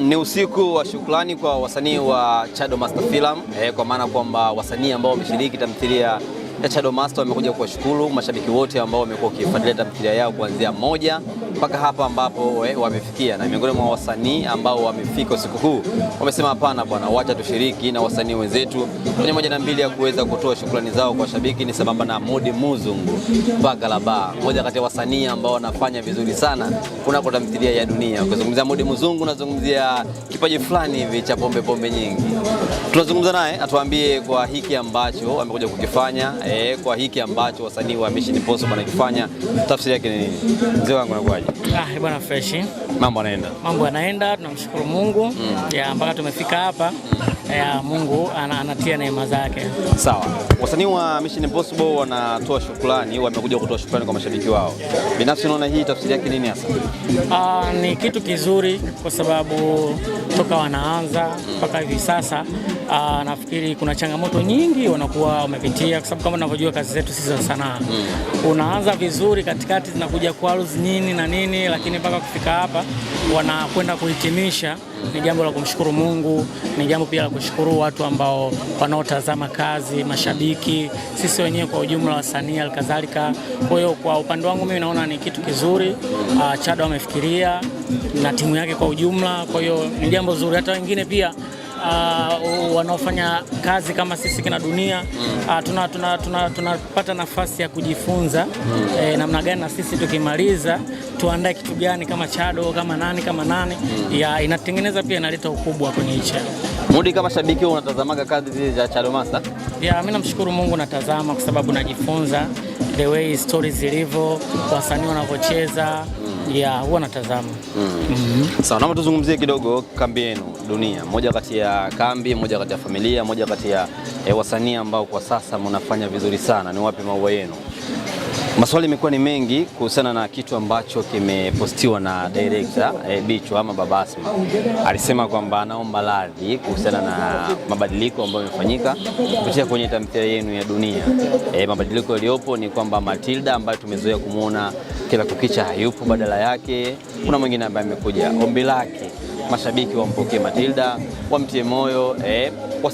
Ni usiku wa shukrani kwa wasanii wa Chado Master Film eh, kwa maana kwamba wasanii ambao wameshiriki tamthilia ya Chado Master wamekuja kuwashukuru mashabiki wote ambao wamekuwa wakifuatilia tamthilia yao kuanzia moja mpaka hapa ambapo we, wamefikia. Na miongoni mwa wasanii ambao wamefika usiku huu wamesema hapana bwana, wacha tushiriki na wasanii wenzetu kwenye moja na mbili ya kuweza kutoa shukrani zao kwa shabiki. Ni sambamba na Mudi Muzungu mpaka laba, moja kati ya wasanii ambao wanafanya vizuri sana kunako tamthilia ya dunia. Ukizungumzia Mudi Muzungu unazungumzia kipaji fulani hivi cha pombe pombe nyingi. Tunazungumza naye atuambie kwa hiki ambacho amekuja kukifanya e, kwa hiki ambacho wasanii wa Mission Impossible wanakifanya tafsiri yake ni nini? Mzee wangu anakuaje? Ah, eh, bwana fresh. Mambo yanaenda. Mambo yanaenda, tunamshukuru Mungu mm. ya mpaka tumefika hapa mm. ya Mungu ana, anatia neema zake. Sawa. Wasanii wa Mission Impossible wanatoa shukrani, wamekuja kutoa shukrani kwa mashabiki wao. Binafsi naona hii tafsiri yake nini hasa? Ah, ni kitu kizuri kwa sababu toka wanaanza mpaka hivi sasa Uh, nafikiri kuna changamoto nyingi wanakuwa wamepitia, kwa sababu kama tunavyojua kazi zetu sisi za sanaa mm. unaanza vizuri, katikati zinakuja kwa nini na nini nini, lakini mpaka kufika hapa wanakwenda kuhitimisha, ni jambo la kumshukuru Mungu, ni jambo pia la kushukuru watu ambao wanaotazama kazi, mashabiki, sisi wenyewe kwa ujumla, wasanii alikadhalika. Kwa hiyo kwa upande wangu mimi naona ni kitu kizuri, ah, Chado amefikiria na timu yake kwa ujumla, kwa hiyo ni jambo zuri. Hata wengine pia uh, wanaofanya kazi kama sisi kina Dunia mm. uh, tunapata tuna, tuna, tuna nafasi ya kujifunza mm. eh, namna gani na sisi tukimaliza tuandae kitu gani kama chado kama nani kama nani mm. ya inatengeneza pia inaleta ukubwa kwenye hicho. Mudi, kama shabiki unatazamaga kazi zile za Chado Master? Yeah, mimi namshukuru Mungu natazama kwa sababu najifunza the way stories zilivyo, wasanii wanavyocheza mm. yeah, huwa natazama mm. mm -hmm. Sawa, naomba tuzungumzie kidogo kambi yenu dunia, moja kati ya kambi, moja kati ya familia, moja kati ya eh, wasanii ambao kwa sasa mnafanya vizuri sana. Ni wapi maua yenu? Maswali yamekuwa ni mengi kuhusiana na kitu ambacho kimepostiwa na director eh, Bichu ama Baba Asma alisema kwamba anaomba radhi kuhusiana na mabadiliko ambayo yamefanyika kupitia kwenye tamthilia yenu ya Dunia. Eh, mabadiliko yaliyopo ni kwamba Matilda ambayo tumezoea kumwona kila kukicha hayupo, badala yake kuna mwingine ambaye amekuja. Ombi lake mashabiki wampokee Matilda, wamtie moyo eh,